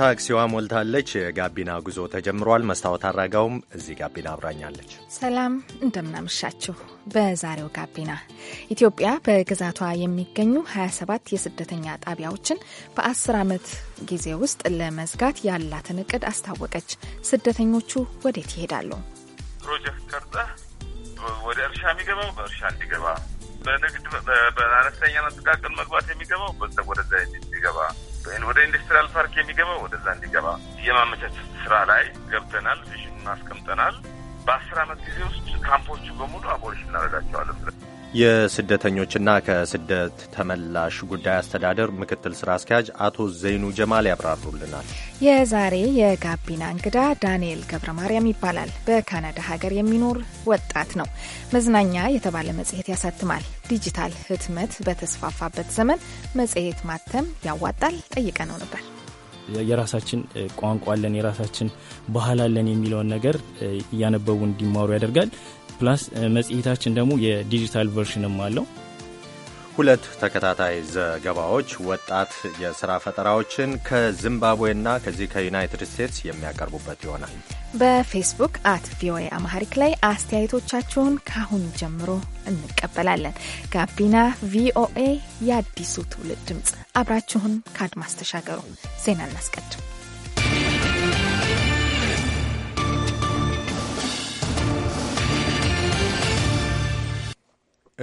ታክሲዋ ሞልታለች። የጋቢና ጉዞ ተጀምሯል። መስታወት አራጋውም እዚህ ጋቢና አብራኛለች። ሰላም እንደምናመሻችሁ። በዛሬው ጋቢና ኢትዮጵያ በግዛቷ የሚገኙ 27 የስደተኛ ጣቢያዎችን በ10 ዓመት ጊዜ ውስጥ ለመዝጋት ያላትን እቅድ አስታወቀች። ስደተኞቹ ወዴት ይሄዳሉ? ፕሮጀክት ቀርጸህ ወደ እርሻ የሚገባው በእርሻ እንዲገባ፣ በንግድ በአነስተኛ ጥቃቅን መግባት የሚገባው በዛ ወደዛ እንዲገባ ወደ ኢንዱስትሪያል ፓርክ የሚገባው ወደዛ እንዲገባ የማመቻቸት ስራ ላይ ገብተናል። ቪዥኑን አስቀምጠናል። በአስር አመት ጊዜ ውስጥ ካምፖቹ በሙሉ አቦሊሽ እናደርጋቸዋለን። የስደተኞችና ከስደት ተመላሽ ጉዳይ አስተዳደር ምክትል ስራ አስኪያጅ አቶ ዘይኑ ጀማል ያብራሩልናል። የዛሬ የጋቢና እንግዳ ዳንኤል ገብረ ማርያም ይባላል። በካናዳ ሀገር የሚኖር ወጣት ነው። መዝናኛ የተባለ መጽሔት ያሳትማል። ዲጂታል ህትመት በተስፋፋበት ዘመን መጽሔት ማተም ያዋጣል? ጠይቀ ነው ነበር። የራሳችን ቋንቋ አለን፣ የራሳችን ባህል አለን የሚለውን ነገር እያነበቡ እንዲማሩ ያደርጋል። ፕላስ eh, መጽሔታችን ደግሞ የዲጂታል ቨርሽንም አለው። ሁለት ተከታታይ ዘገባዎች ወጣት የስራ ፈጠራዎችን ከዚምባብዌና ከዚህ ከዩናይትድ ስቴትስ የሚያቀርቡበት ይሆናል። በፌስቡክ አት ቪኦኤ አማሐሪክ ላይ አስተያየቶቻችሁን ካሁን ጀምሮ እንቀበላለን። ጋቢና ቪኦኤ የአዲሱ ትውልድ ድምፅ፣ አብራችሁን ከአድማስ ተሻገሩ። ዜና እናስቀድም።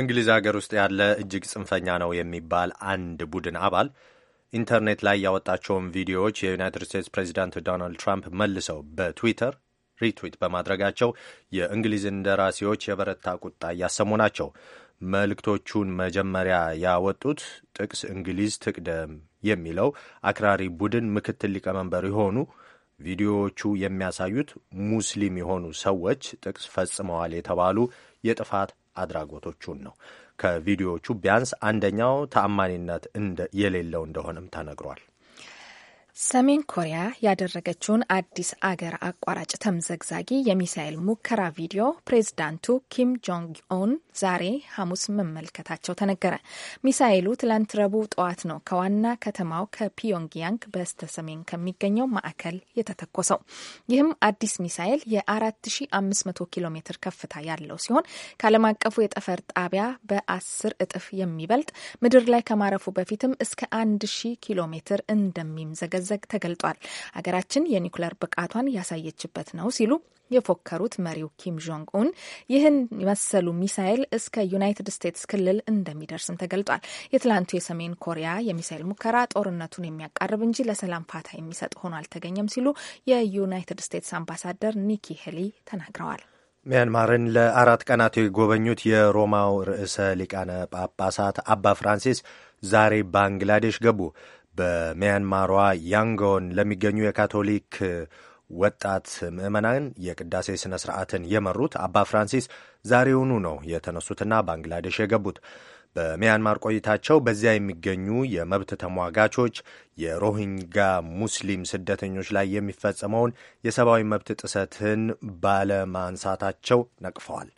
እንግሊዝ ሀገር ውስጥ ያለ እጅግ ጽንፈኛ ነው የሚባል አንድ ቡድን አባል ኢንተርኔት ላይ ያወጣቸውን ቪዲዮዎች የዩናይትድ ስቴትስ ፕሬዚዳንት ዶናልድ ትራምፕ መልሰው በትዊተር ሪትዊት በማድረጋቸው የእንግሊዝ እንደራሴዎች የበረታ ቁጣ እያሰሙ ናቸው። መልእክቶቹን መጀመሪያ ያወጡት ጥቅስ እንግሊዝ ትቅደም የሚለው አክራሪ ቡድን ምክትል ሊቀመንበር የሆኑ ቪዲዮዎቹ የሚያሳዩት ሙስሊም የሆኑ ሰዎች ጥቅስ ፈጽመዋል የተባሉ የጥፋት አድራጎቶቹን ነው። ከቪዲዮዎቹ ቢያንስ አንደኛው ተአማኒነት የሌለው እንደሆነም ተነግሯል። ሰሜን ኮሪያ ያደረገችውን አዲስ አገር አቋራጭ ተምዘግዛጊ የሚሳኤል ሙከራ ቪዲዮ ፕሬዝዳንቱ ኪም ጆንግ ኦን ዛሬ ሐሙስ መመልከታቸው ተነገረ። ሚሳኤሉ ትላንት ረቡዕ ጠዋት ነው ከዋና ከተማው ከፒዮንግያንግ በስተ ሰሜን ከሚገኘው ማዕከል የተተኮሰው። ይህም አዲስ ሚሳኤል የ4500 ኪሎ ሜትር ከፍታ ያለው ሲሆን ከዓለም አቀፉ የጠፈር ጣቢያ በአስር እጥፍ የሚበልጥ ምድር ላይ ከማረፉ በፊትም እስከ 1000 ኪሎ ሜትር እንደሚምዘገዝ እንደሚዘረዘግ ተገልጧል። ሀገራችን የኒኩለር ብቃቷን ያሳየችበት ነው ሲሉ የፎከሩት መሪው ኪም ጆንግ ኡን ይህን መሰሉ ሚሳይል እስከ ዩናይትድ ስቴትስ ክልል እንደሚደርስም ተገልጧል። የትላንቱ የሰሜን ኮሪያ የሚሳይል ሙከራ ጦርነቱን የሚያቃርብ እንጂ ለሰላም ፋታ የሚሰጥ ሆኖ አልተገኘም ሲሉ የዩናይትድ ስቴትስ አምባሳደር ኒኪ ሄሊ ተናግረዋል። ሚያንማርን ለአራት ቀናት የጎበኙት የሮማው ርዕሰ ሊቃነ ጳጳሳት አባ ፍራንሲስ ዛሬ ባንግላዴሽ ገቡ። በሚያንማሯ ያንጎን ለሚገኙ የካቶሊክ ወጣት ምዕመናን የቅዳሴ ሥነ ሥርዓትን የመሩት አባ ፍራንሲስ ዛሬውኑ ነው የተነሱትና ባንግላዴሽ የገቡት። በሚያንማር ቆይታቸው በዚያ የሚገኙ የመብት ተሟጋቾች የሮሂንጋ ሙስሊም ስደተኞች ላይ የሚፈጸመውን የሰብአዊ መብት ጥሰትን ባለማንሳታቸው ነቅፈዋል።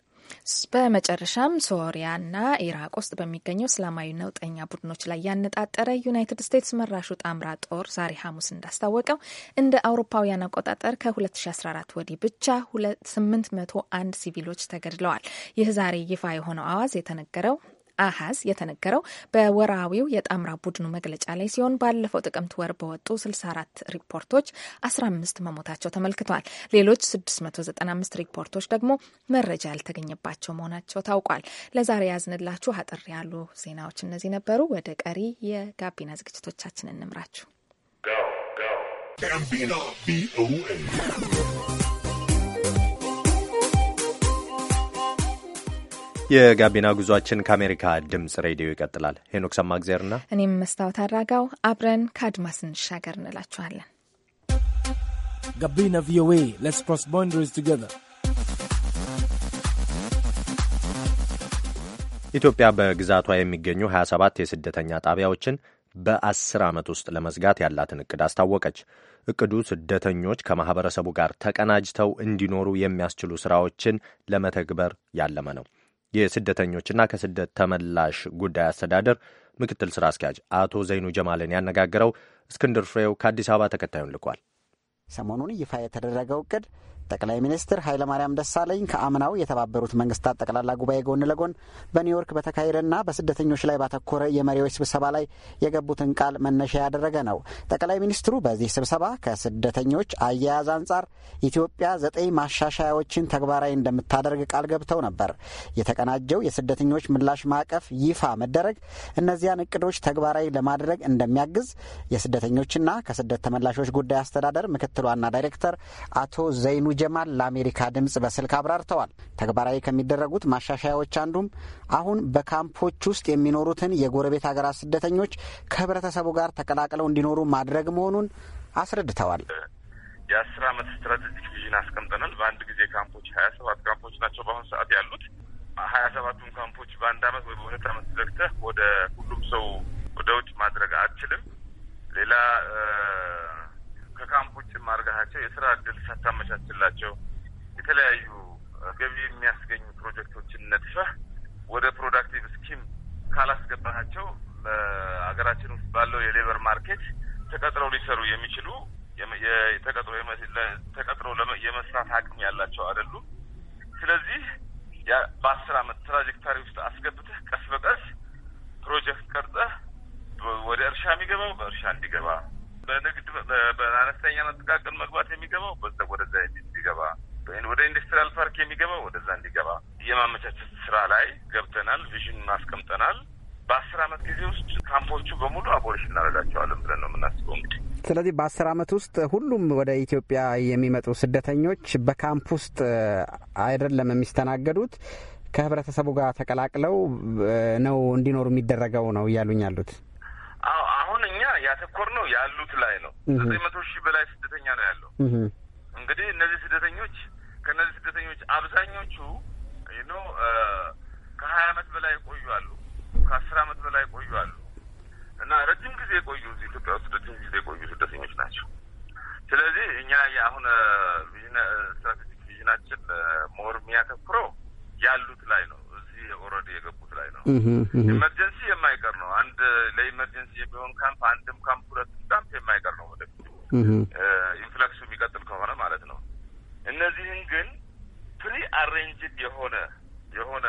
በመጨረሻም ሶሪያና ኢራቅ ውስጥ በሚገኘው እስላማዊ ነውጠኛ ቡድኖች ላይ ያነጣጠረ ዩናይትድ ስቴትስ መራሹ ጣምራ ጦር ዛሬ ሐሙስ እንዳስታወቀው እንደ አውሮፓውያን አቆጣጠር ከ2014 ወዲህ ብቻ 801 ሲቪሎች ተገድለዋል። ይህ ዛሬ ይፋ የሆነው አዋዝ የተነገረው አሃዝ የተነገረው በወራዊው የጣምራ ቡድኑ መግለጫ ላይ ሲሆን ባለፈው ጥቅምት ወር በወጡ 64 ሪፖርቶች 15 መሞታቸው ተመልክቷል። ሌሎች 695 ሪፖርቶች ደግሞ መረጃ ያልተገኘባቸው መሆናቸው ታውቋል። ለዛሬ ያዝንላችሁ አጠር ያሉ ዜናዎች እነዚህ ነበሩ። ወደ ቀሪ የጋቢና ዝግጅቶቻችን እንምራችሁ። የጋቢና ጉዟችን ከአሜሪካ ድምፅ ሬዲዮ ይቀጥላል። ሄኖክ ሰማእግዜርና እኔም መስታወት አራጋው አብረን ከአድማስ እንሻገር እንላችኋለን። ጋቢና ቪኦኤ ሌትስ ክሮስ ቦንደሪስ ቱጌዘር ኢትዮጵያ በግዛቷ የሚገኙ 27 የስደተኛ ጣቢያዎችን በ10 ዓመት ውስጥ ለመዝጋት ያላትን እቅድ አስታወቀች። እቅዱ ስደተኞች ከማኅበረሰቡ ጋር ተቀናጅተው እንዲኖሩ የሚያስችሉ ሥራዎችን ለመተግበር ያለመ ነው። የስደተኞችና ከስደት ተመላሽ ጉዳይ አስተዳደር ምክትል ስራ አስኪያጅ አቶ ዘይኑ ጀማልን ያነጋገረው እስክንድር ፍሬው ከአዲስ አበባ ተከታዩን ልኳል። ሰሞኑን ይፋ የተደረገው እቅድ ጠቅላይ ሚኒስትር ኃይለማርያም ደሳለኝ ከአምናው የተባበሩት መንግስታት ጠቅላላ ጉባኤ ጎን ለጎን በኒውዮርክ በተካሄደና በስደተኞች ላይ ባተኮረ የመሪዎች ስብሰባ ላይ የገቡትን ቃል መነሻ ያደረገ ነው። ጠቅላይ ሚኒስትሩ በዚህ ስብሰባ ከስደተኞች አያያዝ አንጻር ኢትዮጵያ ዘጠኝ ማሻሻያዎችን ተግባራዊ እንደምታደርግ ቃል ገብተው ነበር። የተቀናጀው የስደተኞች ምላሽ ማዕቀፍ ይፋ መደረግ እነዚያን እቅዶች ተግባራዊ ለማድረግ እንደሚያግዝ የስደተኞችና ከስደት ተመላሾች ጉዳይ አስተዳደር ምክትል ዋና ዳይሬክተር አቶ ዘይኑ ጀማል ለአሜሪካ ድምፅ በስልክ አብራርተዋል። ተግባራዊ ከሚደረጉት ማሻሻያዎች አንዱም አሁን በካምፖች ውስጥ የሚኖሩትን የጎረቤት ሀገራት ስደተኞች ከህብረተሰቡ ጋር ተቀላቅለው እንዲኖሩ ማድረግ መሆኑን አስረድተዋል። የአስር አመት ስትራቴጂክ ቪዥን አስቀምጠናል። በአንድ ጊዜ ካምፖች ሀያ ሰባት ካምፖች ናቸው በአሁኑ ሰዓት ያሉት። ሀያ ሰባቱን ካምፖች በአንድ አመት ወይ በሁለት አመት ዘግተህ ወደ ሁሉም ሰው ወደ ውጭ ማድረግ አትችልም። ሌላ ከካምፖች ውጭ የስራ እድል ሳታመቻችላቸው የተለያዩ ገቢ የሚያስገኙ ፕሮጀክቶችን ነድፈህ ወደ ፕሮዳክቲቭ ስኪም ካላስገባሃቸው በሀገራችን ውስጥ ባለው የሌበር ማርኬት ተቀጥረው ሊሰሩ የሚችሉ ተቀጥሮ የመስራት አቅም ያላቸው አይደሉም። ስለዚህ በአስር አመት ትራጀክታሪ ውስጥ አስገብተህ ቀስ በቀስ ፕሮጀክት ቀርጸህ ወደ እርሻ የሚገባው በእርሻ እንዲገባ በንግድ በአነስተኛና ጥቃቅን መግባት የሚገባው በዛ ወደዛ እንዲገባ፣ ወደ ኢንዱስትሪያል ፓርክ የሚገባው ወደዛ እንዲገባ የማመቻቸት ስራ ላይ ገብተናል። ቪዥን ማስቀምጠናል። በአስር አመት ጊዜ ውስጥ ካምፖቹ በሙሉ አቦሊሽ እናደርጋቸዋለን ብለን ነው የምናስበው እንግዲህ ስለዚህ በአስር አመት ውስጥ ሁሉም ወደ ኢትዮጵያ የሚመጡ ስደተኞች በካምፕ ውስጥ አይደለም የሚስተናገዱት ከህብረተሰቡ ጋር ተቀላቅለው ነው እንዲኖሩ የሚደረገው ነው እያሉኝ ያሉት። አዎ ያተኮር ነው ያሉት ላይ ነው። ዘጠኝ መቶ ሺህ በላይ ስደተኛ ነው ያለው። እንግዲህ እነዚህ ስደተኞች ከእነዚህ ስደተኞች አብዛኞቹ ይኖ ከሀያ አመት በላይ የቆዩ አሉ። ከአስር አመት በላይ የቆዩ አሉ እና ረጅም ጊዜ የቆዩ እዚህ ኢትዮጵያ ውስጥ ረጅም ጊዜ የቆዩ ስደተኞች ናቸው። ስለዚህ እኛ የአሁን ስትራቴጂክ ቪዥናችን ሞር የሚያተኩረው ያሉት ላይ ነው። እዚህ ኦልሬዲ የገቡ ላይ ነው። ኢመርጀንሲ የማይቀር ነው። አንድ ለኢመርጀንሲ የሚሆን ካምፕ አንድም ካምፕ ሁለትም ካምፕ የማይቀር ነው ወደፊት ኢንፍላክሱ የሚቀጥል ከሆነ ማለት ነው። እነዚህን ግን ፕሪ አሬንጅድ የሆነ የሆነ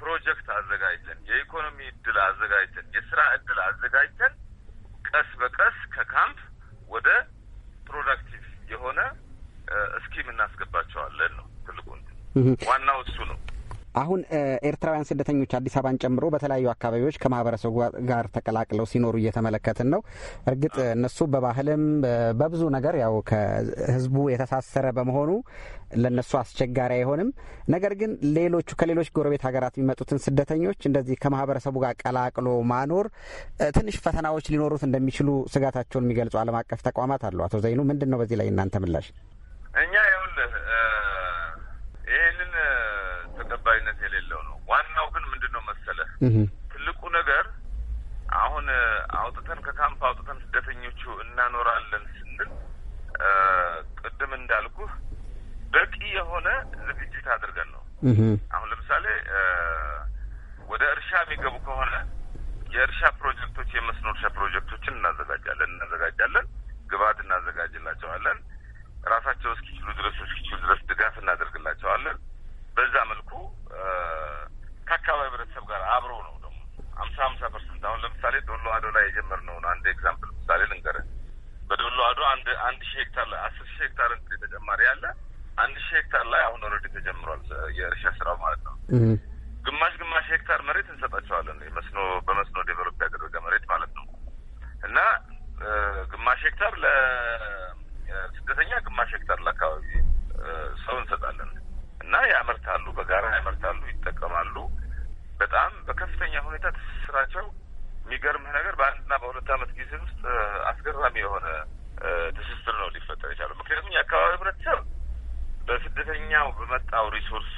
ፕሮጀክት አዘጋጅተን የኢኮኖሚ እድል አዘጋጅተን የስራ እድል አዘጋጅተን ቀስ በቀስ ከካምፕ ወደ ፕሮዳክቲቭ የሆነ ስኪም እናስገባቸዋለን ነው ትልቁ ዋናው እሱ ነው። አሁን ኤርትራውያን ስደተኞች አዲስ አበባን ጨምሮ በተለያዩ አካባቢዎች ከማህበረሰቡ ጋር ተቀላቅለው ሲኖሩ እየተመለከትን ነው። እርግጥ እነሱ በባህልም በብዙ ነገር ያው ከህዝቡ የተሳሰረ በመሆኑ ለእነሱ አስቸጋሪ አይሆንም። ነገር ግን ሌሎቹ ከሌሎች ጎረቤት ሀገራት የሚመጡትን ስደተኞች እንደዚህ ከማህበረሰቡ ጋር ቀላቅሎ ማኖር ትንሽ ፈተናዎች ሊኖሩት እንደሚችሉ ስጋታቸውን የሚገልጹ ዓለም አቀፍ ተቋማት አሉ። አቶ ዘይኑ ምንድን ነው በዚህ ላይ እናንተ ምላሽ? እኛ መሰለ ትልቁ ነገር አሁን አውጥተን ከካምፕ አውጥተን ስደተኞቹ እናኖራለን ስንል ቅድም እንዳልኩህ በቂ የሆነ ዝግጅት አድርገን ነው። አሁን ለምሳሌ ወደ እርሻ የሚገቡ ከሆነ የእርሻ ፕሮጀክቶች፣ የመስኖ እርሻ ፕሮጀክቶችን እናዘጋጃለን እናዘጋጃለን ግብዓት እናዘጋጅላቸዋለን። ራሳቸው እስኪችሉ ድረስ እስኪችሉ ድረስ ድጋፍ እናደርግላቸዋለን። በዛ መልኩ ከአካባቢ ህብረተሰብ ጋር አብሮ ነው ደግሞ አምሳ አምሳ ፐርሰንት አሁን ለምሳሌ ዶሎ አዶ ላይ የጀመርነውን አንድ ኤግዛምፕል ምሳሌ ልንገረ በዶሎ አዶ አንድ አንድ ሺህ ሄክታር ላይ አስር ሺህ ሄክታር እንግዲህ ተጨማሪ ያለ አንድ ሺህ ሄክታር ላይ አሁን ኦልሬዲ ተጀምሯል የእርሻ ስራው ማለት ነው። ግማሽ ግማሽ ሄክታር መሬት እንሰጣቸዋለን መስኖ በመስኖ ዴቨሎፕ ያደረገ መሬት ማለት ነው እና ግማሽ ሄክታር ለስደተኛ ግማሽ ሄክታር ለአካባቢ ሰው እንሰጣለን እና ያመርታሉ፣ በጋራ ያመርታሉ፣ ይጠቀማሉ። በጣም በከፍተኛ ሁኔታ ትስስራቸው የሚገርምህ ነገር በአንድና በሁለት ዓመት ጊዜ ውስጥ አስገራሚ የሆነ ትስስር ነው ሊፈጠር የቻለው። ምክንያቱም የአካባቢ ህብረተሰብ በስደተኛው በመጣው ሪሶርስ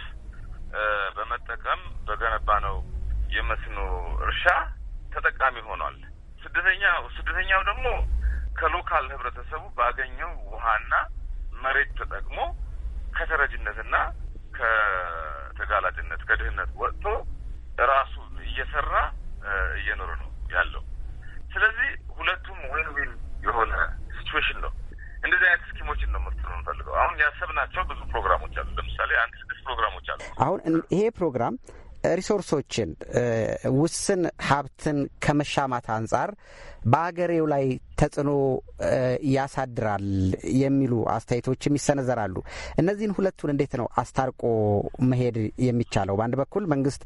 በመጠቀም በገነባ ነው የመስኖ እርሻ ተጠቃሚ ሆኗል። ስደተኛው ስደተኛው ደግሞ ከሎካል ህብረተሰቡ ባገኘው ውሃና መሬት ተጠቅሞ ከተረጅነትና ከተጋላጭነት ከድህነት ወጥቶ እየኖረ ነው ያለው። ስለዚህ ሁለቱም ዊን ዊን የሆነ ሲትዌሽን ነው። እንደዚህ አይነት ስኪሞችን ነው መፍጠር የምንፈልገው። አሁን ያሰብናቸው ብዙ ፕሮግራሞች አሉ። ለምሳሌ አንድ ስድስት ፕሮግራሞች አሉ። አሁን ይሄ ፕሮግራም ሪሶርሶችን ውስን ሀብትን ከመሻማት አንጻር በአገሬው ላይ ተጽዕኖ ያሳድራል የሚሉ አስተያየቶችም ይሰነዘራሉ። እነዚህን ሁለቱን እንዴት ነው አስታርቆ መሄድ የሚቻለው? በአንድ በኩል መንግስት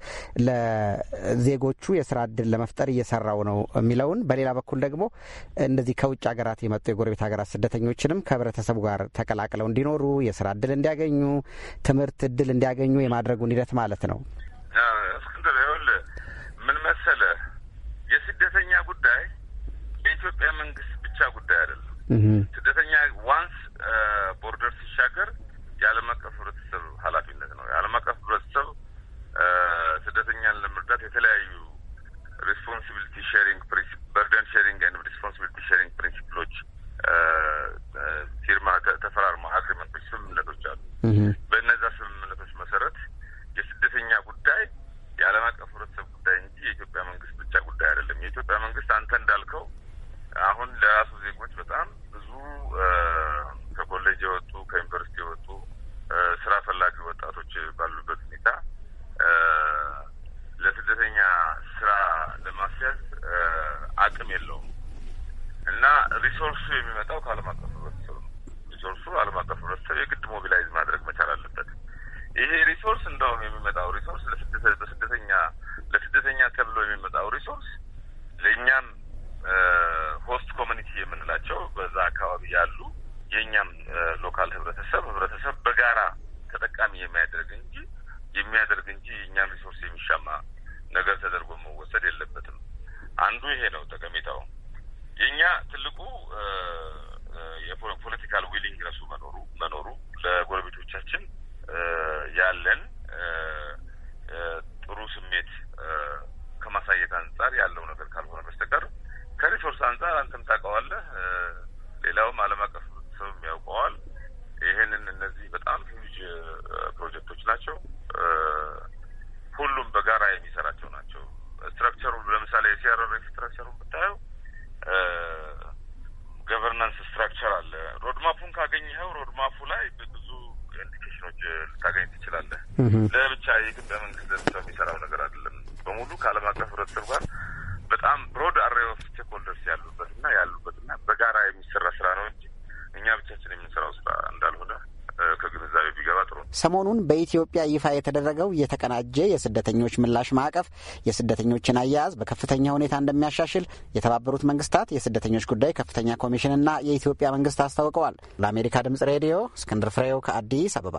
ለዜጎቹ የስራ እድል ለመፍጠር እየሰራው ነው የሚለውን፣ በሌላ በኩል ደግሞ እነዚህ ከውጭ ሀገራት የመጡ የጎረቤት ሀገራት ስደተኞችንም ከህብረተሰቡ ጋር ተቀላቅለው እንዲኖሩ የስራ እድል እንዲያገኙ፣ ትምህርት እድል እንዲያገኙ የማድረጉን ሂደት ማለት ነው። እስክንድር ይኸውልህ ምን መሰለህ የስደተኛ ጉዳይ የኢትዮጵያ መንግስት ብቻ ጉዳይ አይደለም። ስደተኛ ዋንስ ቦርደር ሲሻገር የዓለም አቀፍ ህብረተሰብ የእኛም ሎካል ህብረተሰብ ህብረተሰብ በጋራ ተጠቃሚ የሚያደርግ እንጂ የሚያደርግ እንጂ የእኛን ሪሶርስ የሚሻማ ነገር ተደርጎ መወሰድ የለበትም። አንዱ ይሄ ነው። ዩኒቨርሲቲዎች ያሉበት እና ያሉበት እና በጋራ የሚሰራ ስራ ነው እንጂ እኛ ብቻችን የምንሰራው ስራ እንዳልሆነ ከግንዛቤ ቢገባ ጥሩ ነው። ሰሞኑን በኢትዮጵያ ይፋ የተደረገው የተቀናጀ የስደተኞች ምላሽ ማዕቀፍ የስደተኞችን አያያዝ በከፍተኛ ሁኔታ እንደሚያሻሽል የተባበሩት መንግስታት የስደተኞች ጉዳይ ከፍተኛ ኮሚሽንና የኢትዮጵያ መንግስት አስታውቀዋል። ለአሜሪካ ድምጽ ሬዲዮ እስክንድር ፍሬው ከአዲስ አበባ።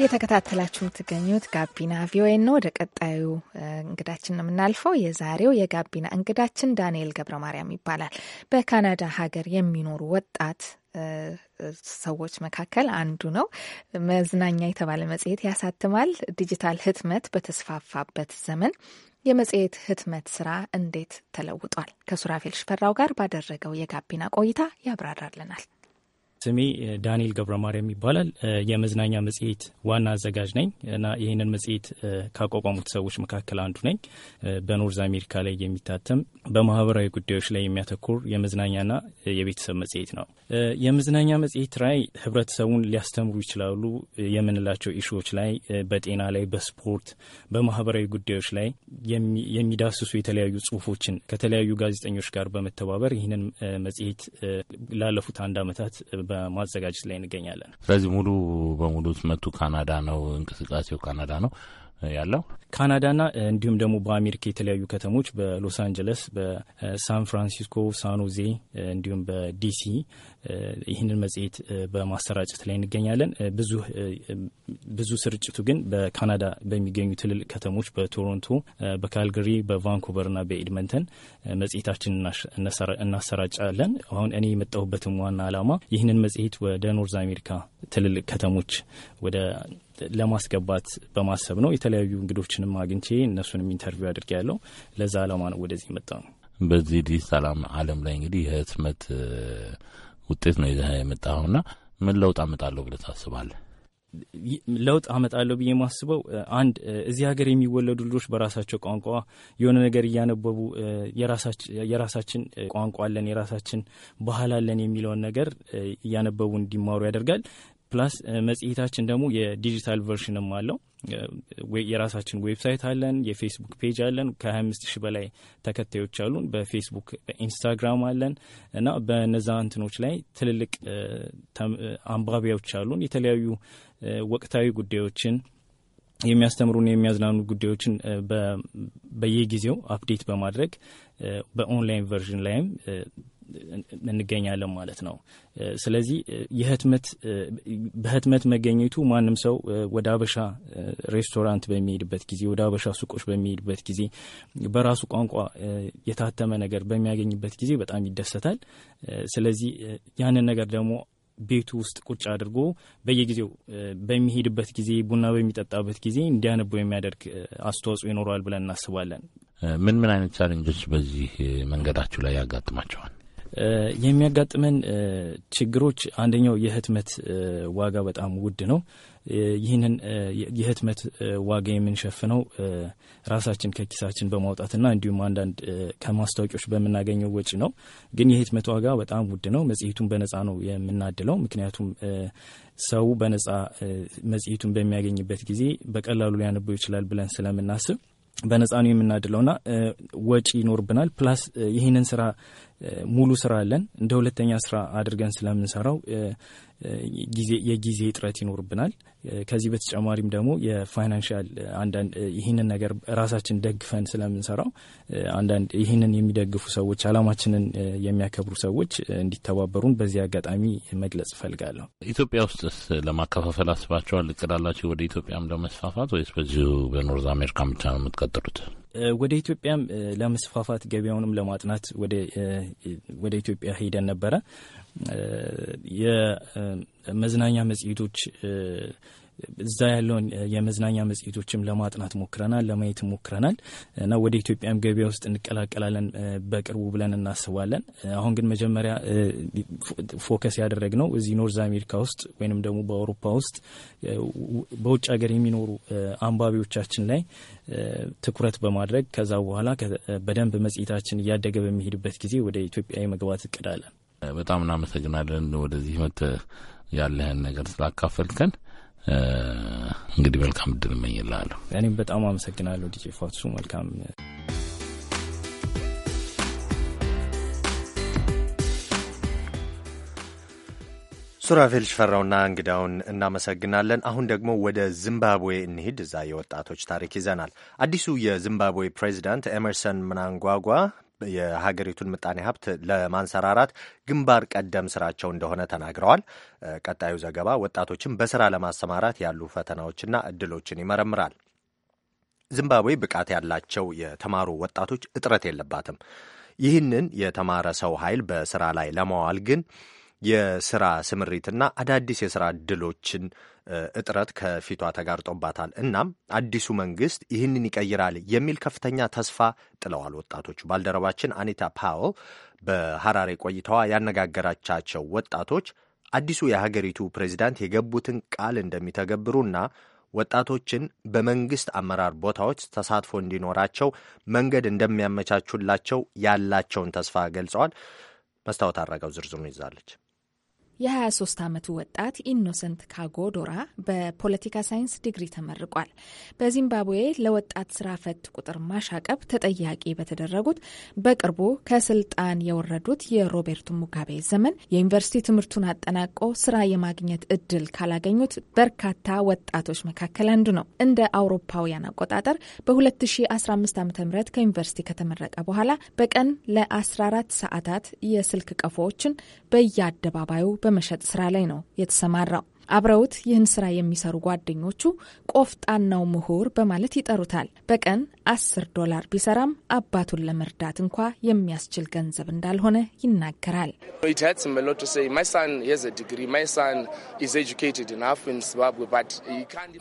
እየተከታተላችሁ የምትገኙት ጋቢና ቪኦኤ ነው። ወደ ቀጣዩ እንግዳችን ነው የምናልፈው። የዛሬው የጋቢና እንግዳችን ዳንኤል ገብረ ማርያም ይባላል። በካናዳ ሀገር የሚኖሩ ወጣት ሰዎች መካከል አንዱ ነው። መዝናኛ የተባለ መጽሔት ያሳትማል። ዲጂታል ህትመት በተስፋፋበት ዘመን የመጽሔት ህትመት ስራ እንዴት ተለውጧል? ከሱራፌል ሽፈራው ጋር ባደረገው የጋቢና ቆይታ ያብራራልናል። ስሜ ዳንኤል ገብረ ማርያም ይባላል። የመዝናኛ መጽሔት ዋና አዘጋጅ ነኝ እና ይህንን መጽሔት ካቋቋሙት ሰዎች መካከል አንዱ ነኝ። በኖርዝ አሜሪካ ላይ የሚታተም በማህበራዊ ጉዳዮች ላይ የሚያተኩር የመዝናኛና የቤተሰብ መጽሔት ነው። የመዝናኛ መጽሔት ራዕይ ህብረተሰቡን ሊያስተምሩ ይችላሉ የምንላቸው ኢሹዎች ላይ፣ በጤና ላይ፣ በስፖርት በማህበራዊ ጉዳዮች ላይ የሚዳስሱ የተለያዩ ጽሁፎችን ከተለያዩ ጋዜጠኞች ጋር በመተባበር ይህንን መጽሔት ላለፉት አንድ ዓመታት በማዘጋጀት ላይ እንገኛለን። ስለዚህ ሙሉ በሙሉ መቱ ካናዳ ነው፣ እንቅስቃሴው ካናዳ ነው። ያለው ካናዳና እንዲሁም ደግሞ በአሜሪካ የተለያዩ ከተሞች በሎስ አንጀለስ፣ በሳን ፍራንሲስኮ፣ ሳኖዜ እንዲሁም በዲሲ ይህንን መጽሔት በማሰራጨት ላይ እንገኛለን። ብዙ ስርጭቱ ግን በካናዳ በሚገኙ ትልልቅ ከተሞች በቶሮንቶ፣ በካልገሪ፣ በቫንኩቨርና በኤድመንተን መጽሔታችን እናሰራጫለን። አሁን እኔ የመጣሁበትም ዋና ዓላማ ይህንን መጽሔት ወደ ኖርዝ አሜሪካ ትልልቅ ከተሞች ወደ ለማስገባት በማሰብ ነው። የተለያዩ እንግዶችንም አግኝቼ እነሱንም ኢንተርቪው አድርጌ ያለው ለዛ አላማ ነው ወደዚህ መጣ ነው። በዚህ ዲጂታል ዓለም ላይ እንግዲህ የህትመት ውጤት ነው ይዘህ የመጣኸውና ምን ለውጥ አመጣለሁ ብለህ ታስባለህ? ለውጥ አመጣለሁ ብዬ የማስበው አንድ እዚህ ሀገር የሚወለዱ ልጆች በራሳቸው ቋንቋ የሆነ ነገር እያነበቡ የራሳችን ቋንቋ አለን፣ የራሳችን ባህል አለን የሚለውን ነገር እያነበቡ እንዲማሩ ያደርጋል። ፕላስ መጽሔታችን ደግሞ የዲጂታል ቨርሽንም አለው። የራሳችን ዌብሳይት አለን፣ የፌስቡክ ፔጅ አለን። ከ25 ሺህ በላይ ተከታዮች አሉን። በፌስቡክ በኢንስታግራም አለን እና በነዛ እንትኖች ላይ ትልልቅ አንባቢያዎች አሉን። የተለያዩ ወቅታዊ ጉዳዮችን የሚያስተምሩን የሚያዝናኑ ጉዳዮችን በየጊዜው አፕዴት በማድረግ በኦንላይን ቨርዥን ላይም እንገኛለን ማለት ነው። ስለዚህ የህትመት በህትመት መገኘቱ ማንም ሰው ወደ አበሻ ሬስቶራንት በሚሄድበት ጊዜ፣ ወደ አበሻ ሱቆች በሚሄድበት ጊዜ በራሱ ቋንቋ የታተመ ነገር በሚያገኝበት ጊዜ በጣም ይደሰታል። ስለዚህ ያንን ነገር ደግሞ ቤቱ ውስጥ ቁጭ አድርጎ በየጊዜው በሚሄድበት ጊዜ ቡና በሚጠጣበት ጊዜ እንዲያነቦ የሚያደርግ አስተዋጽኦ ይኖረዋል ብለን እናስባለን። ምን ምን አይነት ቻለንጆች በዚህ መንገዳችሁ ላይ ያጋጥማቸዋል? የሚያጋጥመን ችግሮች አንደኛው የህትመት ዋጋ በጣም ውድ ነው። ይህንን የህትመት ዋጋ የምንሸፍነው ራሳችን ከኪሳችን በማውጣትና እንዲሁም አንዳንድ ከማስታወቂያዎች በምናገኘው ወጪ ነው። ግን የህትመት ዋጋ በጣም ውድ ነው። መጽሔቱን በነጻ ነው የምናድለው። ምክንያቱም ሰው በነጻ መጽሔቱን በሚያገኝበት ጊዜ በቀላሉ ሊያነበው ይችላል ብለን ስለምናስብ በነጻ ነው የምናድለውና ወጪ ይኖርብናል። ፕላስ ይህንን ስራ ሙሉ ስራ አለን። እንደ ሁለተኛ ስራ አድርገን ስለምንሰራው የጊዜ እጥረት ይኖርብናል። ከዚህ በተጨማሪም ደግሞ የፋይናንሻል አንዳንድ ይህንን ነገር ራሳችን ደግፈን ስለምንሰራው አንዳንድ ይህንን የሚደግፉ ሰዎች፣ አላማችንን የሚያከብሩ ሰዎች እንዲተባበሩን በዚህ አጋጣሚ መግለጽ እፈልጋለሁ። ኢትዮጵያ ውስጥስ ለማከፋፈል አስባቸዋል? እቅድ ወደ ኢትዮጵያም ለመስፋፋት ወይስ በዚሁ በኖርዝ አሜሪካ ብቻ ነው የምትቀጥሉት? ወደ ኢትዮጵያም ለመስፋፋት ገበያውንም ለማጥናት ወደ ኢትዮጵያ ሄደን ነበረ። የመዝናኛ መጽሄቶች እዛ ያለውን የመዝናኛ መጽሄቶችም ለማጥናት ሞክረናል፣ ለማየት ሞክረናል እና ወደ ኢትዮጵያም ገበያ ውስጥ እንቀላቀላለን በቅርቡ ብለን እናስባለን። አሁን ግን መጀመሪያ ፎከስ ነው እዚህ ኖርዝ አሜሪካ ውስጥ ወይንም ደግሞ በአውሮፓ ውስጥ በውጭ ሀገር የሚኖሩ አንባቢዎቻችን ላይ ትኩረት በማድረግ ከዛ በኋላ በደንብ መጽሄታችን እያደገ በሚሄድበት ጊዜ ወደ ኢትዮጵያ የመግባት እቅድ አለን። በጣም እናመሰግናለን ወደዚህ መት ያለህን ነገር ስላካፈልከን። እንግዲህ መልካም እድል እመኝልሃለሁ። እኔም በጣም አመሰግናለሁ ዲጄ ፋቱ መልካም ሱራፌል ሽፈራውና እንግዳውን እናመሰግናለን። አሁን ደግሞ ወደ ዚምባብዌ እንሂድ። እዛ የወጣቶች ታሪክ ይዘናል። አዲሱ የዚምባብዌ ፕሬዚዳንት ኤመርሰን ምናንጓጓ የሀገሪቱን ምጣኔ ሀብት ለማንሰራራት ግንባር ቀደም ስራቸው እንደሆነ ተናግረዋል። ቀጣዩ ዘገባ ወጣቶችን በስራ ለማሰማራት ያሉ ፈተናዎችና እድሎችን ይመረምራል። ዚምባብዌ ብቃት ያላቸው የተማሩ ወጣቶች እጥረት የለባትም። ይህንን የተማረ ሰው ኃይል በስራ ላይ ለማዋል ግን የስራ ስምሪትና አዳዲስ የስራ እድሎችን እጥረት ከፊቷ ተጋርጦባታል። እናም አዲሱ መንግስት ይህንን ይቀይራል የሚል ከፍተኛ ተስፋ ጥለዋል ወጣቶቹ። ባልደረባችን አኒታ ፓወል በሐራሬ ቆይታዋ ያነጋገራቻቸው ወጣቶች አዲሱ የሀገሪቱ ፕሬዚዳንት የገቡትን ቃል እንደሚተገብሩና ወጣቶችን በመንግስት አመራር ቦታዎች ተሳትፎ እንዲኖራቸው መንገድ እንደሚያመቻቹላቸው ያላቸውን ተስፋ ገልጸዋል። መስታወት አድረገው ዝርዝሩን ይዛለች። የ23 ዓመቱ ወጣት ኢኖሰንት ካጎዶራ በፖለቲካ ሳይንስ ዲግሪ ተመርቋል። በዚምባብዌ ለወጣት ስራ ፈት ቁጥር ማሻቀብ ተጠያቂ በተደረጉት በቅርቡ ከስልጣን የወረዱት የሮቤርቱ ሙጋቤ ዘመን የዩኒቨርሲቲ ትምህርቱን አጠናቆ ስራ የማግኘት እድል ካላገኙት በርካታ ወጣቶች መካከል አንዱ ነው። እንደ አውሮፓውያን አቆጣጠር በ2015 ዓ ም ከዩኒቨርሲቲ ከተመረቀ በኋላ በቀን ለ14 ሰዓታት የስልክ ቀፎዎችን በየአደባባዩ በመሸጥ ስራ ላይ ነው የተሰማራው። አብረውት ይህን ስራ የሚሰሩ ጓደኞቹ ቆፍጣናው ምሁር በማለት ይጠሩታል። በቀን አስር ዶላር ቢሰራም አባቱን ለመርዳት እንኳ የሚያስችል ገንዘብ እንዳልሆነ ይናገራል።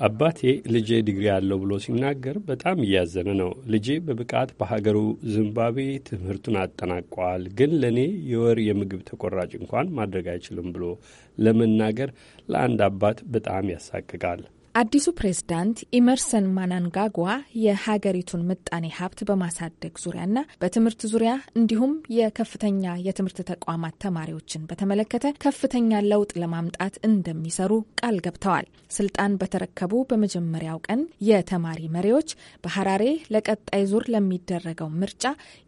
አባቴ ልጄ ዲግሪ አለው ብሎ ሲናገር በጣም እያዘነ ነው። ልጄ በብቃት በሀገሩ ዚምባብዌ ትምህርቱን አጠናቋል፣ ግን ለእኔ የወር የምግብ ተቆራጭ እንኳን ማድረግ አይችልም ብሎ ለመናገር ለአንድ አንድ አባት በጣም ያሳቅቃል። አዲሱ ፕሬዝዳንት ኢመርሰን ማናንጋጓ የሀገሪቱን ምጣኔ ሀብት በማሳደግ ዙሪያና በትምህርት ዙሪያ እንዲሁም የከፍተኛ የትምህርት ተቋማት ተማሪዎችን በተመለከተ ከፍተኛ ለውጥ ለማምጣት እንደሚሰሩ ቃል ገብተዋል። ስልጣን በተረከቡ በመጀመሪያው ቀን የተማሪ መሪዎች በሀራሬ ለቀጣይ ዙር ለሚደረገው ምርጫ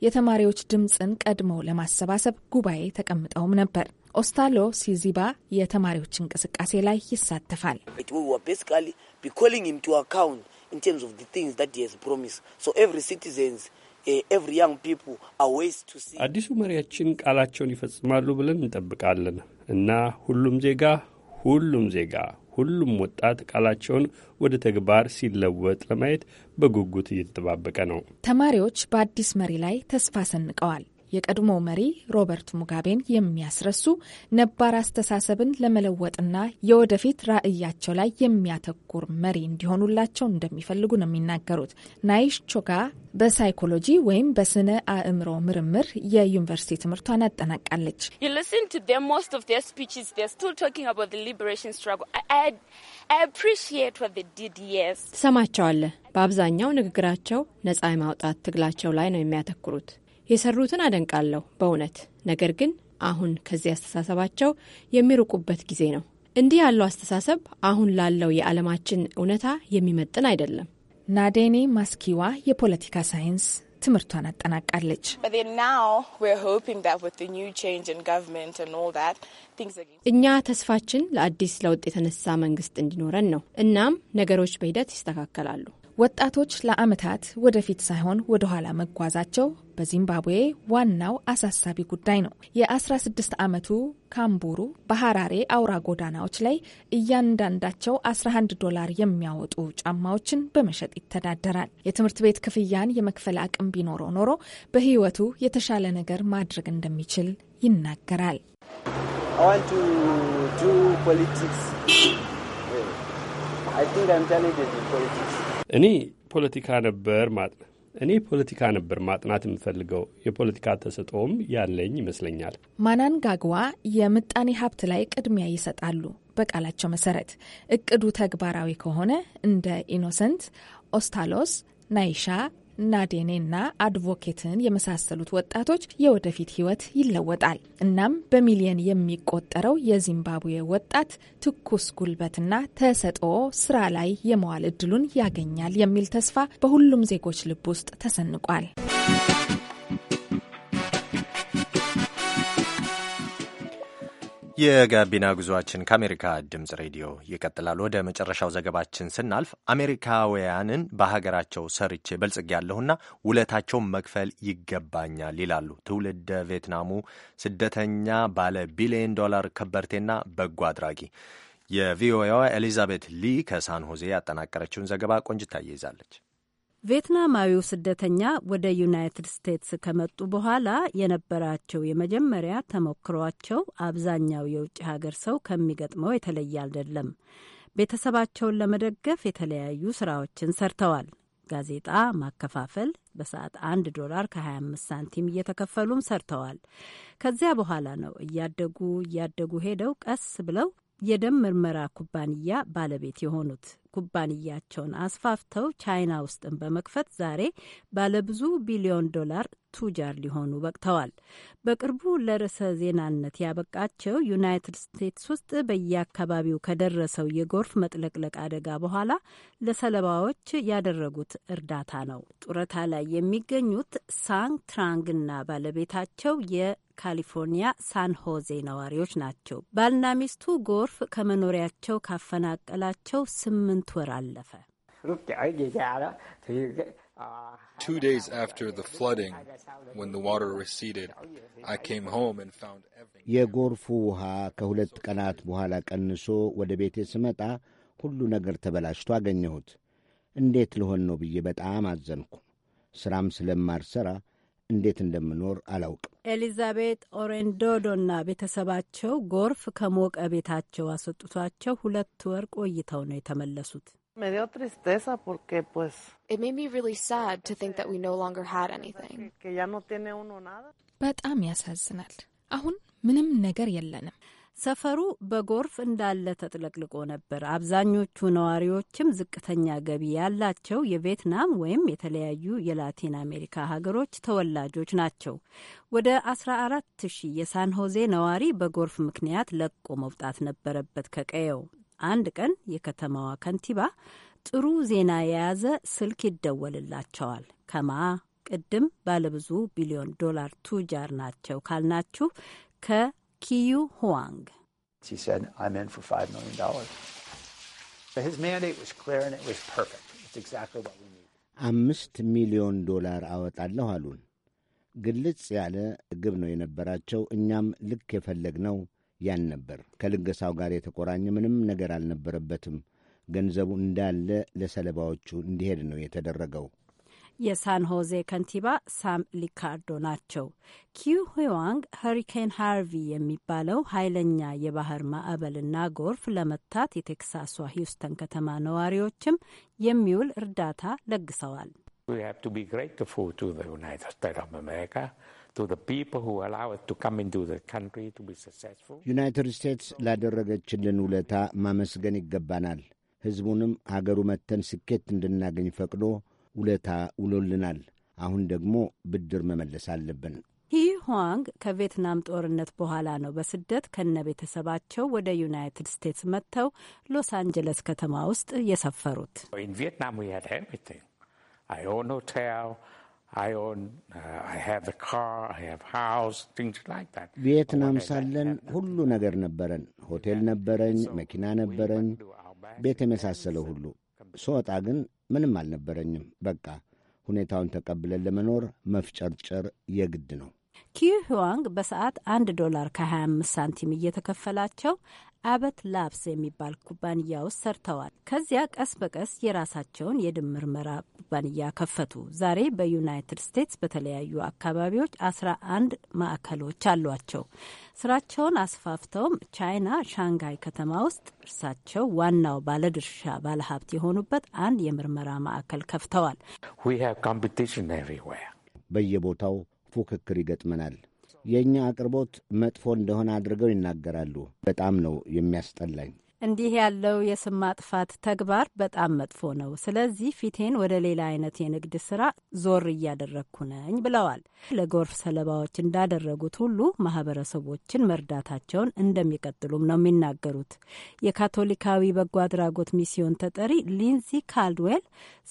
የተማሪዎች ድምፅን ቀድመው ለማሰባሰብ ጉባኤ ተቀምጠውም ነበር። ኦስታሎ ሲዚባ የተማሪዎች እንቅስቃሴ ላይ ይሳተፋል። eh, አዲሱ መሪያችን ቃላቸውን ይፈጽማሉ ብለን እንጠብቃለን እና ሁሉም ዜጋ ሁሉም ዜጋ ሁሉም ወጣት ቃላቸውን ወደ ተግባር ሲለወጥ ለማየት በጉጉት እየተጠባበቀ ነው። ተማሪዎች በአዲስ መሪ ላይ ተስፋ ሰንቀዋል። የቀድሞ መሪ ሮበርት ሙጋቤን የሚያስረሱ ነባር አስተሳሰብን ለመለወጥና የወደፊት ራዕያቸው ላይ የሚያተኩር መሪ እንዲሆኑላቸው እንደሚፈልጉ ነው የሚናገሩት። ናይሽ ቾጋ በሳይኮሎጂ ወይም በስነ አእምሮ ምርምር የዩኒቨርሲቲ ትምህርቷን አጠናቃለች። ሰማቸዋለህ። በአብዛኛው ንግግራቸው ነጻ የማውጣት ትግላቸው ላይ ነው የሚያተኩሩት የሰሩትን አደንቃለሁ በእውነት ነገር ግን አሁን ከዚህ አስተሳሰባቸው የሚርቁበት ጊዜ ነው። እንዲህ ያለው አስተሳሰብ አሁን ላለው የዓለማችን እውነታ የሚመጥን አይደለም። ናዴኔ ማስኪዋ የፖለቲካ ሳይንስ ትምህርቷን አጠናቃለች። እኛ ተስፋችን ለአዲስ ለውጥ የተነሳ መንግስት እንዲኖረን ነው። እናም ነገሮች በሂደት ይስተካከላሉ። ወጣቶች ለዓመታት ወደፊት ሳይሆን ወደኋላ መጓዛቸው በዚምባብዌ ዋናው አሳሳቢ ጉዳይ ነው። የ16 ዓመቱ ካምቡሩ በሐራሬ አውራ ጎዳናዎች ላይ እያንዳንዳቸው 11 ዶላር የሚያወጡ ጫማዎችን በመሸጥ ይተዳደራል። የትምህርት ቤት ክፍያን የመክፈል አቅም ቢኖረው ኖሮ በሕይወቱ የተሻለ ነገር ማድረግ እንደሚችል ይናገራል። I think I'm talented in politics. እኔ ፖለቲካ ነበር ማጥናት እኔ ፖለቲካ ነበር ማጥናት የምፈልገው የፖለቲካ ተሰጥኦም ያለኝ ይመስለኛል። ማናንጋግዋ የምጣኔ ሀብት ላይ ቅድሚያ ይሰጣሉ። በቃላቸው መሰረት እቅዱ ተግባራዊ ከሆነ እንደ ኢኖሰንት ኦስታሎስ ናይሻ ናዴኔና አድቮኬትን የመሳሰሉት ወጣቶች የወደፊት ህይወት ይለወጣል። እናም በሚሊየን የሚቆጠረው የዚምባብዌ ወጣት ትኩስ ጉልበትና ተሰጥኦ ስራ ላይ የመዋል እድሉን ያገኛል የሚል ተስፋ በሁሉም ዜጎች ልብ ውስጥ ተሰንቋል። የጋቢና ጉዞአችን ከአሜሪካ ድምፅ ሬዲዮ ይቀጥላል። ወደ መጨረሻው ዘገባችን ስናልፍ አሜሪካውያንን በሀገራቸው ሰርቼ ያለሁና ውለታቸውን መክፈል ይገባኛል ይላሉ ትውልደ ቬትናሙ ስደተኛ ባለ ቢሊዮን ዶላር ከበርቴና በጎ አድራጊ። የቪኦኤዋ ኤሊዛቤት ሊ ከሳን ሆዜ ያጠናቀረችውን ዘገባ ቆንጅታ ይይዛለች። ቪየትናማዊው ስደተኛ ወደ ዩናይትድ ስቴትስ ከመጡ በኋላ የነበራቸው የመጀመሪያ ተሞክሯቸው አብዛኛው የውጭ ሀገር ሰው ከሚገጥመው የተለየ አይደለም። ቤተሰባቸውን ለመደገፍ የተለያዩ ስራዎችን ሰርተዋል። ጋዜጣ ማከፋፈል በሰዓት አንድ ዶላር ከ25 ሳንቲም እየተከፈሉም ሰርተዋል። ከዚያ በኋላ ነው እያደጉ እያደጉ ሄደው ቀስ ብለው የደም ምርመራ ኩባንያ ባለቤት የሆኑት ኩባንያቸውን አስፋፍተው ቻይና ውስጥን በመክፈት ዛሬ ባለብዙ ቢሊዮን ዶላር ቱጃር ሊሆኑ በቅተዋል። በቅርቡ ለርዕሰ ዜናነት ያበቃቸው ዩናይትድ ስቴትስ ውስጥ በየአካባቢው ከደረሰው የጎርፍ መጥለቅለቅ አደጋ በኋላ ለሰለባዎች ያደረጉት እርዳታ ነው። ጡረታ ላይ የሚገኙት ሳንግ ትራንግና ባለቤታቸው የ ካሊፎርኒያ ሳን ሆዜ ነዋሪዎች ናቸው። ባልና ሚስቱ ጎርፍ ከመኖሪያቸው ካፈናቀላቸው ስምንት ወር አለፈ። Two days after the flooding, when the water receded, I came home and found everything. የጎርፉ ውሃ ከሁለት ቀናት በኋላ ቀንሶ ወደ ቤቴ ስመጣ ሁሉ ነገር ተበላሽቶ አገኘሁት። እንዴት ልሆን ነው ብዬ በጣም አዘንኩ። ሥራም ስለማልሰራ እንዴት እንደምኖር አላውቅም። ኤሊዛቤት ኦሬንዶዶና ቤተሰባቸው ጎርፍ ከሞቀ ቤታቸው አስወጥቷቸው ሁለት ወር ቆይተው ነው የተመለሱት። Me dio tristeza porque pues It made me really sad to think that we no longer had anything. que ya no tiene uno nada. በጣም ያሳዝናል። አሁን ምንም ነገር የለንም። ሰፈሩ በጎርፍ እንዳለ ተጥለቅልቆ ነበር። አብዛኞቹ ነዋሪዎችም ዝቅተኛ ገቢ ያላቸው የቪየትናም ወይም የተለያዩ የላቲን አሜሪካ ሀገሮች ተወላጆች ናቸው። ወደ 14 ሺህ ሆዜ ነዋሪ በጎርፍ ምክንያት ለቆ መውጣት ነበረበት ከቀየው። አንድ ቀን የከተማዋ ከንቲባ ጥሩ ዜና የያዘ ስልክ ይደወልላቸዋል። ከማ ቅድም ባለብዙ ቢሊዮን ዶላር ቱጃር ናቸው ካልናችሁ ከኪዩ ሁዋንግ አምስት ሚሊዮን ዶላር አወጣለሁ አሉን። ግልጽ ያለ ግብ ነው የነበራቸው። እኛም ልክ የፈለግነው ያን ነበር። ከልገሳው ጋር የተቆራኘ ምንም ነገር አልነበረበትም። ገንዘቡ እንዳለ ለሰለባዎቹ እንዲሄድ ነው የተደረገው። የሳን ሆዜ ከንቲባ ሳም ሊካርዶ ናቸው። ኪዩዋንግ ሀሪኬን ሃርቪ የሚባለው ኃይለኛ የባህር ማዕበልና ጎርፍ ለመታት የቴክሳሷ ሂውስተን ከተማ ነዋሪዎችም የሚውል እርዳታ ለግሰዋል። ዩናይትድ ስቴትስ ላደረገችልን ውለታ ማመስገን ይገባናል። ሕዝቡንም አገሩ መተን ስኬት እንድናገኝ ፈቅዶ ውለታ ውሎልናል። አሁን ደግሞ ብድር መመለስ አለብን። ሂ ሆዋንግ ከቪየትናም ጦርነት በኋላ ነው በስደት ከነ ቤተሰባቸው ወደ ዩናይትድ ስቴትስ መጥተው ሎስ አንጀለስ ከተማ ውስጥ የሰፈሩት። ቪየትናም ሳለን ሁሉ ነገር ነበረን። ሆቴል ነበረኝ፣ መኪና ነበረኝ፣ ቤት የመሳሰለው ሁሉ። ስወጣ ግን ምንም አልነበረኝም። በቃ ሁኔታውን ተቀብለን ለመኖር መፍጨርጨር የግድ ነው። ኪዩ ህዋንግ በሰዓት 1 ዶላር ከ25 ሳንቲም እየተከፈላቸው አበት ላብስ የሚባል ኩባንያ ውስጥ ሰርተዋል። ከዚያ ቀስ በቀስ የራሳቸውን የድምር ምርመራ ኩባንያ ከፈቱ። ዛሬ በዩናይትድ ስቴትስ በተለያዩ አካባቢዎች አስራ አንድ ማዕከሎች አሏቸው። ስራቸውን አስፋፍተውም ቻይና ሻንጋይ ከተማ ውስጥ እርሳቸው ዋናው ባለድርሻ ባለሀብት የሆኑበት አንድ የምርመራ ማዕከል ከፍተዋል። በየቦታው ፉክክር ይገጥመናል። የእኛ አቅርቦት መጥፎ እንደሆነ አድርገው ይናገራሉ። በጣም ነው የሚያስጠላኝ። እንዲህ ያለው የስም ማጥፋት ተግባር በጣም መጥፎ ነው። ስለዚህ ፊቴን ወደ ሌላ አይነት የንግድ ስራ ዞር እያደረግኩ ነኝ ብለዋል። ለጎርፍ ሰለባዎች እንዳደረጉት ሁሉ ማህበረሰቦችን መርዳታቸውን እንደሚቀጥሉም ነው የሚናገሩት። የካቶሊካዊ በጎ አድራጎት ሚስዮን ተጠሪ ሊንዚ ካልድዌል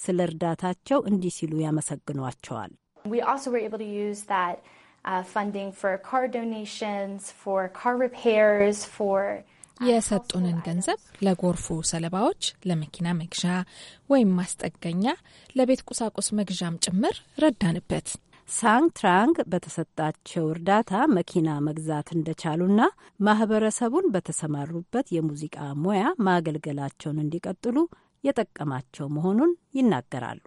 ስለ እርዳታቸው እንዲህ ሲሉ ያመሰግኗቸዋል። We also were able to use that Uh, funding for car donations, for car repairs, for uh, የሰጡንን ገንዘብ ለጎርፉ ሰለባዎች ለመኪና መግዣ ወይም ማስጠገኛ፣ ለቤት ቁሳቁስ መግዣም ጭምር ረዳንበት። ትራንግ በተሰጣቸው እርዳታ መኪና መግዛት እንደቻሉና ማህበረሰቡን በተሰማሩበት የሙዚቃ ሙያ ማገልገላቸውን እንዲቀጥሉ የጠቀማቸው መሆኑን ይናገራሉ።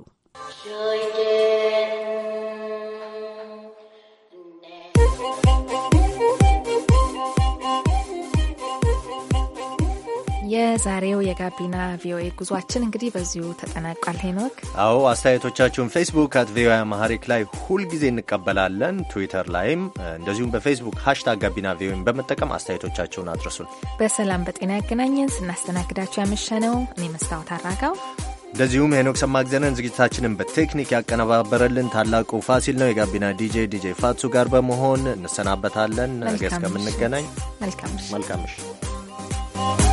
የዛሬው የጋቢና ቪኦኤ ጉዟችን እንግዲህ በዚሁ ተጠናቋል። ሄኖክ አዎ፣ አስተያየቶቻችሁን ፌስቡክ አት ቪኦኤ አማሪክ ላይ ሁልጊዜ እንቀበላለን። ትዊተር ላይም እንደዚሁም በፌስቡክ ሀሽታግ ጋቢና ቪኦኤን በመጠቀም አስተያየቶቻችሁን አድረሱን። በሰላም በጤና ያገናኘን። ስናስተናግዳችሁ ያመሸ ነው እኔ መስታወት አራጋው እንደዚሁም ሄኖክ ሰማግዘነን ዝግጅታችንን በቴክኒክ ያቀነባበረልን ታላቁ ፋሲል ነው። የጋቢና ዲጄ ዲጄ ፋቱ ጋር በመሆን እንሰናበታለን። ነገ እስከምንገናኝ መልካም ምሽት።